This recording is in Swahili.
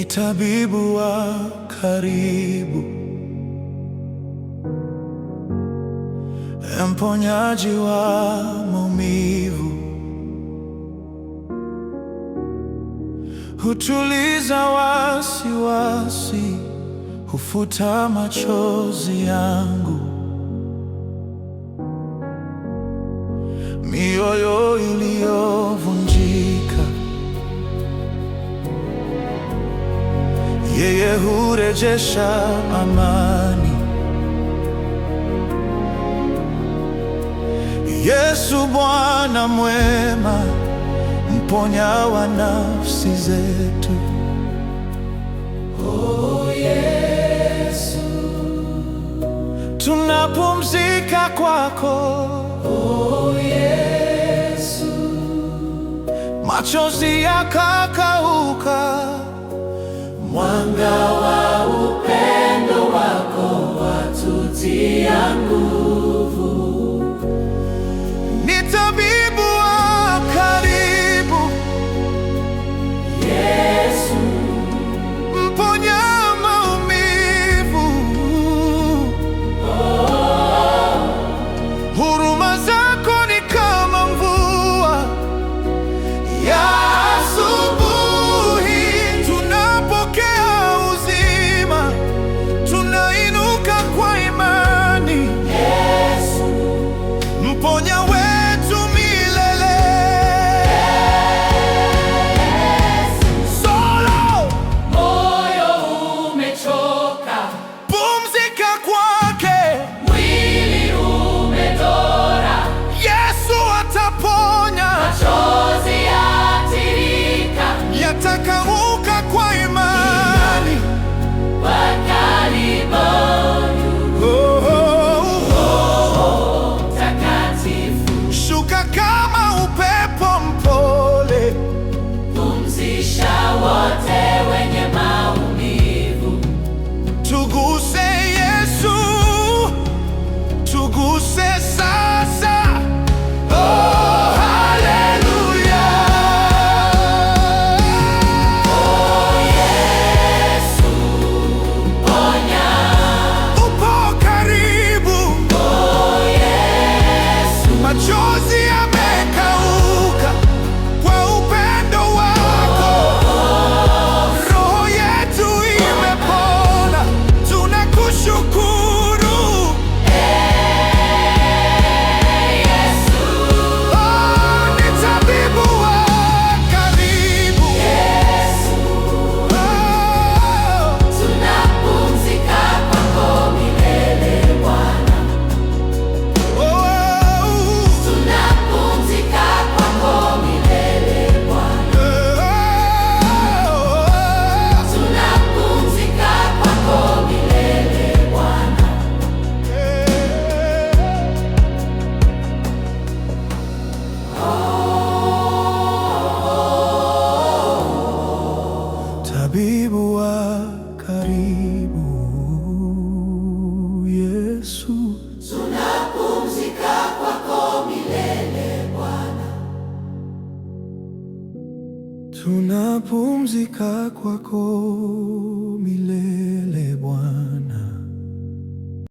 ni tabibu wa karibu, mponyaji wa maumivu, hutuliza wasiwasi, hufuta machozi yangu, mioyo iliyo yeye hurejesha amani. Yesu Bwana mwema, mponya wa nafsi zetu. Oh, Yesu, tunapumzika kwako. Oh, Yesu, machozi yakakauka. One wa said. Yesu, tunapumzika kwako milele Bwana, tunapumzika kwako milele Bwana.